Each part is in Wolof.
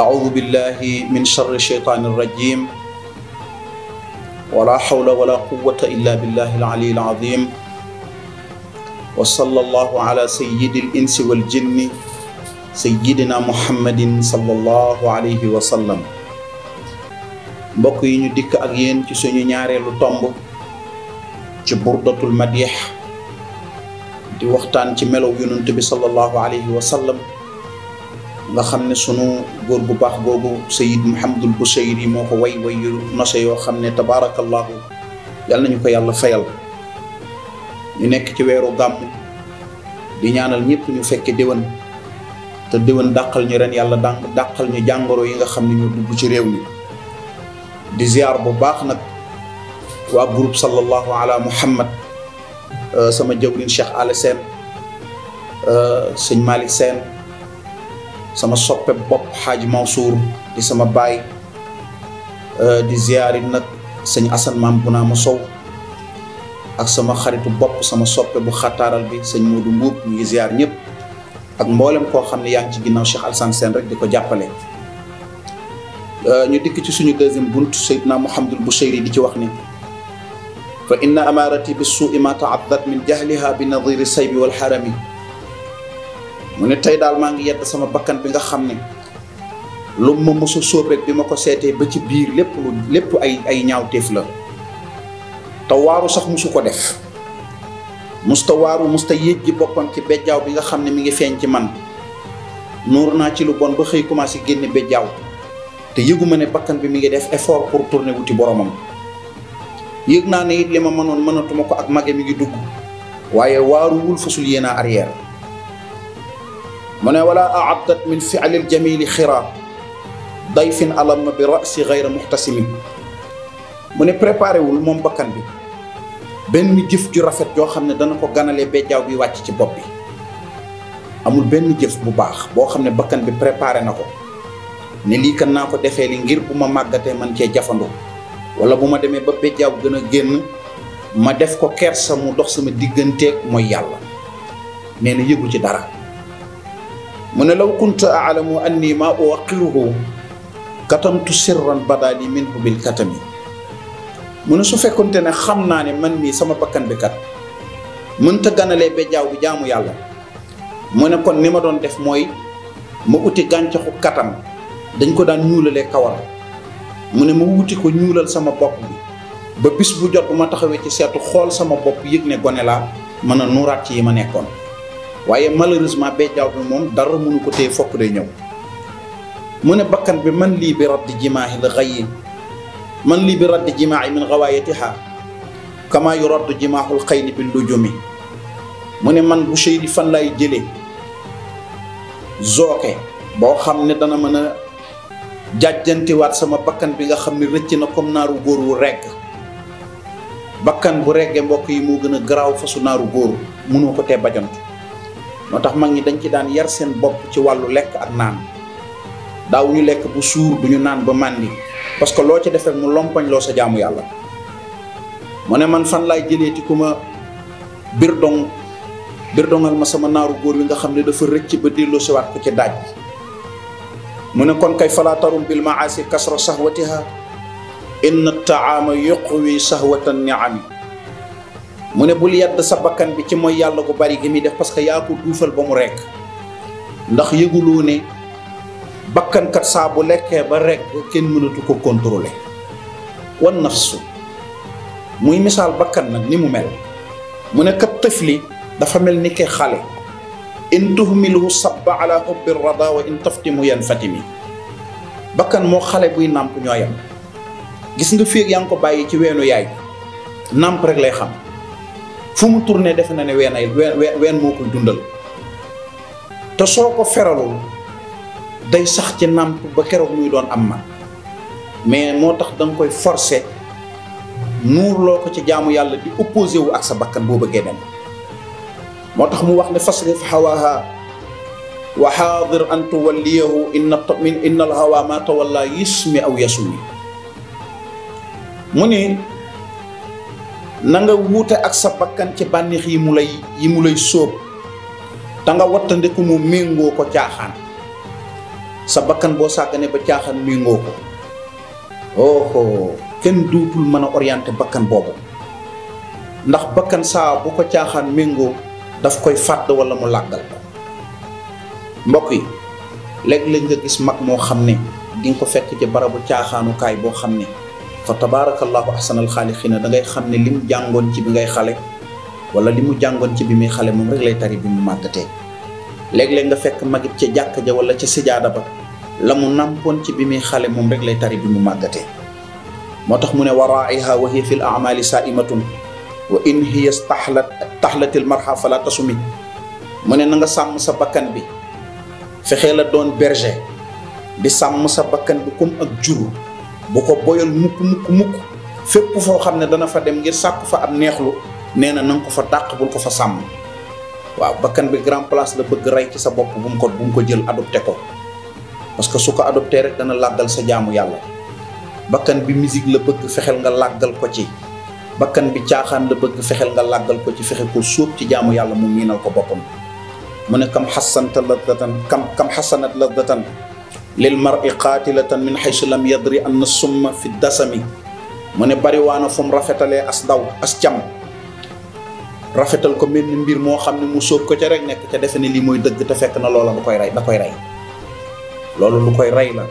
أعوذ بالله من شر الشيطان الرجيم ولا حول ولا قوة إلا بالله العلي العظيم وصلى الله على سيد الإنس والجن سيدنا محمد صلى الله عليه وسلم mbokk yi ñu dikk ak yéen ci suñu ñaareelu tomb ci burdatul madih di waxtaan ci melow yonent bi sallallahu alayhi wa sallam nga xam ne sunu góor bu baax googu sayid Mouhamadul Busayri moo ko way way yu nose yoo xam ne tabaarakallahu yàlla nañu ko yàlla fayal ñu nekk ci weeru gàmm di ñaanal ñëpp ñu fekke déwén te déwén dàqal ñu ren yàlla dàq dàqal ñu jàngoro yi nga xam ne ñu dugg ci réew mi di ziar bu baax nag waa groupe sallallahu ala muhammad euh, sama jawrin Cheikh Ali Sène euh, sëñ Malick seen sama soppe bopp xaaj Mansour di sama baay euh, di ziyaari nag sëñ Assane maam bu naa ma sow ak sama xaritu bopp sama soppe bu xataaral bi sëñ du Mbuub ñu ziyaar ñëpp ak mboolem koo xam ne yaa ngi ci ginnaaw Cheikh Alassane Sène rek di ko jàppale euh, ñu dikk ci suñu deuxième bunt naa xamdul bu Bouchayri di ci wax ni fa inna amarati bi suui ma taadat min jahliha bi nadiri saybi wal xarami mu ne tey daal maa ngi yedd sama bakkan bi nga xam ne lu ma mosu sóob rek bi ma ko seetee ba ci biir lépp lu lépp ay ay ñaaw ñaawteef la te waaru sax mosu ko def musta waaru musta yéej ji boppam ci bejjaaw bi nga xam ne mi ngi feeñ ci man nuur naa ci lu bon ba xëy commencé génne bejjaaw te yëguma ne bakkan bi mi ngi def effort pour tourner wuti boromam yëg naa ne it li ma mënoon mënatuma ko ak mage mi ngi dugg waaye waaruwul fasul yéenaa arrière mu ne wala aaddat min fi'lil jamili xira dayfin alam bi rasi gayra muxtasimin mu ne préparé wul moom bakkan bi benn jëf ju rafet joo xam ne dana ko ganalee bejjaaw bi wàcc ci bopp bi amul benn jëf bu baax boo xam ne bakkan bi préparé na ko ne lii kan naa ko defee li ngir bu ma màggatee man cee jafandoo wala bu ma demee ba bejjaaw gën a génn ma def ko kersa mu dox sama digganteeg mooy yàlla nee na yëgu ci dara mu ne law kuntu aalamu anni ma uwaqiruhu katamtu sirran badaali minhu bil yi mu ne su fekkonte ne xam naa ne man mii sama bakkan bi kat mënta ganalee ba jaaw bi jaamu yàlla mu ne kon ni ma doon def mooy ma uti gàncaxu katam dañ ko daan ñuulalee kawar mu ne ma wuti ko ñuulal sama bopp bi ba bis bu jot bu ma taxawee ci seetu xool sama bopp yëg ne gone la mën a nuuraat ci yi ma nekkoon waaye malheureusement béjjaaw bi moom dara mënu ko téye fokk day ñëw mu ne bakkan bi man lii bi raddi jimaahi la xayi man lii bi raddi jimaahi min xawaayatiha kama yu raddu jimaahul xayni bi lujumi mu ne man bu sey di fan laay jëlee zooke boo xam ne dana mën a jàjjantiwaat sama bakkan bi nga xam ne rëcc na comme naaru góor wu regg bakkan bu reggee mbokk yi moo gën a garaaw fasu naaru góor mënoo ko tee bajantu moo tax mag ñi dañ ci daan yar seen bopp ci wàllu lekk ak naan daawuñu lekk bu suur duñu naan ba màndi parce que loo ci defee mu lompañ loo sa jaamu yàlla mu ne man fan laay jëlee ti ku ma bir dong bir dongal ma sama naaru góor wi nga xam ne dafa rëcc ba delloo siwaat ko ci daaj mu ne kon kay falaa tarum bil maasi kasra sahwatiha inna taama yuqwi sahwatan niami mu ne bul yedd sa bakkan bi ci mooy yàlla gu bari gi muy def parce que yaa ko duufal ba mu rekk ndax yëguloo ne bakkankat saa bu lekkee ba rekk kenn mënatu ko kontrole wan nafsu muy misaal bakkan nag ni mu mel mu ne kat dafa mel ni ke xale in tuhmilhu sabba ala hubbi rada wa in taftimu yan fatimi bakkan moo xale buy nàmp ñooyam gis nga féeg yaa ngi ko bàyyi ci weenu yaay nàmp rek lay xam fu mu tourné defe na ne ween ay ween ween moo koy dundal te soo ko feralul day sax ci nàmp ba keroog muy doon am ma mais moo tax da koy forcer nuur loo ko ci jaamu yàlla di opposé wu ak sa bakkan boo bëggee dem moo tax mu wax ne faslif hawaha wa xaadir an tuwalliyahu inna min inna al hawa ma tawalla yusmi aw yasumi mu ni na nga wuute ak sa bakkan ci bànneex yi mu lay yi mu lay sóob da nga wattandiku mu méngoo ko caaxaan sa bakkan boo sàggane ba caaxaan méngoo ko oho kenn duutul mën a orienté bakkan boobu ndax bakkan saa bu ko caaxaan méngoo daf koy fàdd wala mu làggal mbokk yi léeg-léeg nga gis mag moo xam ne di ko fekk ci barabu caaxaanukaay boo xam ne fa tabaarakallaahu ahsanal xaaliqiina da ngay xam ne li mu jàngoon ci bi ngay xale wala li mu jàngoon ci bi muy xale moom rek lay tari bi mu màggatee léeg-léeg nga fekk magit ca jàkk ja wala ca sijaada ba la mu nàmpoon ci bi muy xale moom rek lay tari bi mu màggatee moo tax mu ne waraiha wa hiya fi l amali saaimatun wa in hiya staxlat taxlatil marxa tasumi mu ne na nga sàmm sa bakkan bi fexee la doon berger di sàmm sa bakkan bi comme ak jur bu ko boyal mukk mukk mukk fépp foo xam ne dana fa dem ngir sàkk fa ab neexlu nee na nanga ko fa dàq bul ko fa sàmm waaw bakkan bi grand place la bëgg rey ci sa bopp bu ko bu ko jël adopté ko parce que su ko adopté rek dana làggal sa jaamu yàlla bakkan bi musique la bëgg fexeel nga làggal ko ci bakkan bi caaxaan la bëgg fexeel nga làggal ko ci fexe ko sóob ci jaamu yàlla mu miinal ko boppam mu ne kam xasanat ladatan kam kam xasanat ladatan lil mar'i qaatilatan min haysu lam yadri anna summa fi dasami mu ne bariwaana fu mu rafetalee as daw as cam rafetal ko mel ni mbir moo xam ne mu sóob ko ca rek nekk ca defe ne lii muy dëgg te fekk na loola lu koy rey da koy rey loolu lu koy rey la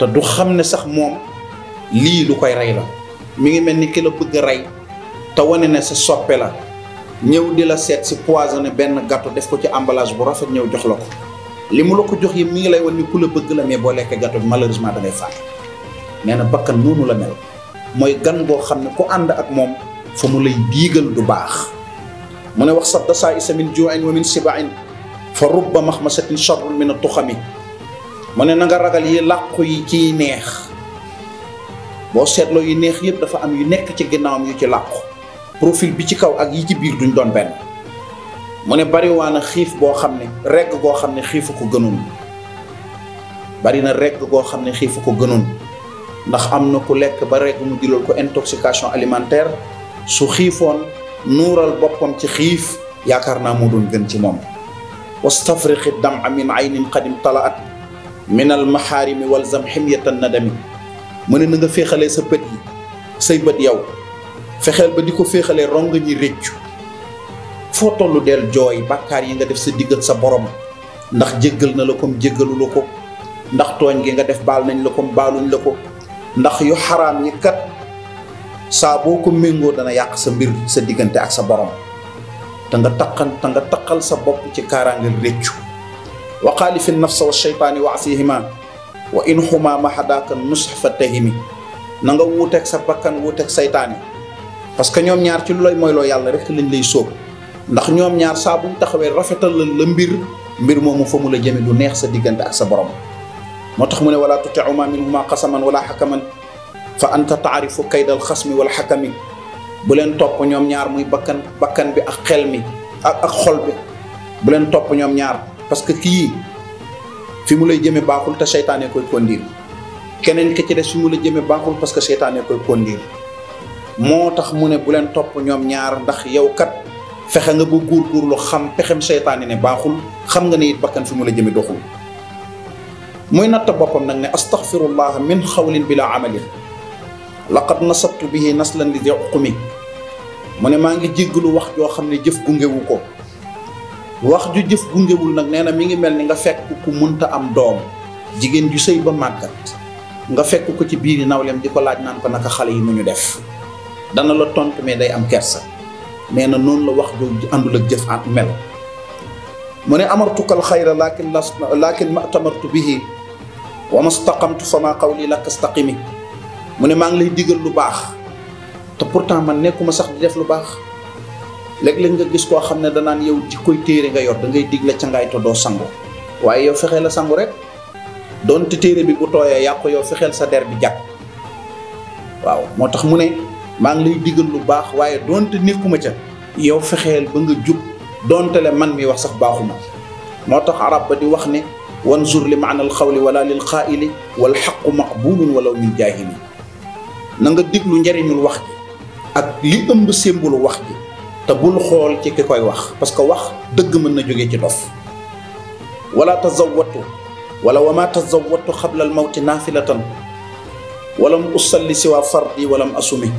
te du xam ne sax moom lii lu koy rey la mu ngi mel ni ki la bëgg a rey te wane ne sa soppe la ñëw di la seet si poisonné benn gâteau def ko ci emballage bu rafet ñëw jox la ko li mu la ko jox yi mi ngi lay wan ni ku la bëgg la mais boo lekkee gâteau bi malheureusement da ngay fàtte na bakkan noonu la mel mooy gan boo xam ne ku ànd ak moom fa mu lay diigal du baax mu ne wax sabda saa isa min juin wa min sibain fa rubba maxmasatin charrun min a tuxami mu ne na nga ragal yi làqu yi ciy neex boo seetloo yu neex yëpp dafa am yu nekk ci ginnaawam yu ci làqu profil bi ci kaw ak yi ci biir duñ doon benn mu ne bari na xiif goo xam ne rekk goo xam ne xiifu ko gënoon bari na rekk goo xam ne xiifu ko gënoon ndax am na ku lekk ba rekk mu jural ko intoxication alimentaire su xiifoon nuural boppam ci xiif yaakaar naa moo doon gën ci moom wastafriqi dam a min aynin qadim talaat min al maxaarimi walzam na nadami mu ne na nga féexalee sa bët yi say bët yow fexeel ba di ko féexalee rong ñi réccu foo tollu del jooy bàkkaar yi nga def sa diggal sa borom ndax jéggal na la kom jéggalu la ko ndax tooñ gi nga def baal nañ la ko mu baaluñ la ko ndax yu xaraam yi kat saa boo ko méngoo dana yàq sa mbir sa diggante ak sa borom te nga taqal nga taqal sa bopp ci kaaraangal réccu wa xaalifi nafsa wa sheytaani wa asihima wa in xuma mahadaaka fa tahimi na nga wuuteeg sa bakkan wuuteeg saytaane parce que ñoom ñaar ci lu lay mooy yàlla rek lañ lay sóob ndax ñoom ñaar saa buñ taxawee rafetal la mbir mbir moomu fa mu la jëme du neex sa diggante ak sa borom moo tax mu ne wala tutiu ma minhuma xasaman wala xakaman fa anta taarifu kaydal xasmi wala xakami bu leen topp ñoom ñaar muy bakkan bakkan bi ak xel mi ak xol bi bu leen topp ñoom ñaar parce que kii fi mu lay jëme baaxul te seytaane koy kondiir keneen ki ci des fi mu la jëme baaxul parce que seytaane koy kondiir moo tax mu ne bu leen topp ñoom ñaar ndax yow kat fexe nga bu ba góorgóorlu xam pexem seytaane ne baaxul xam nga ne it bakkan fi mu la jëme doxul muy natta boppam nag ne astaxfirullah min xawlin bila amalin laqad nasabtu bihi naslan li di uqumi mu ne maa ngi jéggalu wax joo xam ne jëf gungewu ko wax ju jëf gungewul nag nee na mi ngi mel ni nga fekk ku munta am doom jigéen ju sëy ba màggat nga fekk ko ci biir biiri nawleem di ko laaj naan ko naka xale yi mu ñu def dana la tontu mais day am kersa nee na noonu la wax jooju àndul ak jëf ak mel mu ne amartukal xayra laakin las laakin ma tamartu bihi wa mastaqamtu fama qawli laka staqimi mu ne maa ngi lay digal lu baax te pourtant man nekkuma sax di def lu baax léeg-léeg nga gis koo xam ne danaan yow ci koy téere nga yor da ngay digle ca ngaay to doo sangu waaye yow fexee a sangu rek doonte téere bi bu tooyee yàqu yow fexeel sa der bi jàkk waaw moo tax mu ne maa ngi lay digal lu baax waaye donte nekkuma ca yow fexeel ba nga jub donte le man mi wax sax baaxuma moo tax arab ba di wax ni ne wanzur li maana alxawli wala lil xaayili wal xaqu maqbulun walaw min jaahili na nga diglu njariñul wax ji ak li ëmb sémbulu wax ji te bul xool ci ki koy wax parce que wax dëgg mën na jóge ci dof wala tazawwatu wala wama tazawwatu xabla almawti naafilatan walam usalli siwa fardi walam asumi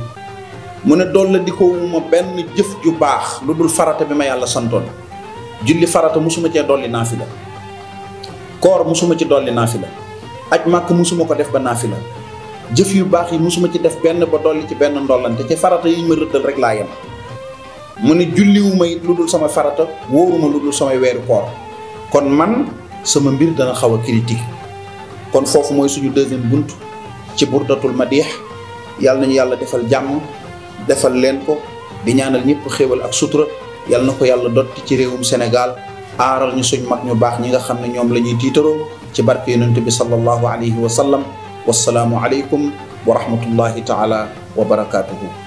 mu ne dool la di ko benn jëf ju baax lu dul farata bi ma yàlla santoon julli farata musuma cee dolli naafila koor mosuma ci dolli naafila aj màkk musuma ko def ba naafila jëf yu baax yi musuma ci def benn ba dolli ci benn ndollante ci farata yi ma rëddal rek laa yem mu ne julliwuma it lu dul sama farata wóoruma lu dul samay weeru koor kon man sama mbir dana xaw a critique kon foofu mooy suñu deuxième bunt ci ma madih yàlla nañu yàlla defal jàmm defal leen ko di ñaanal ñëpp xéewal ak sutura yal na ko yàlla dotti ci réewum Sénégal aaral ñu suñ mag ñu baax ñi nga xam ne ñoom la ñuy tiitaroo ci barke yonent bi sallallahu alayhi wa sallam wassalaamu aleykum wa rahmatullahi taala wa barakaatuhu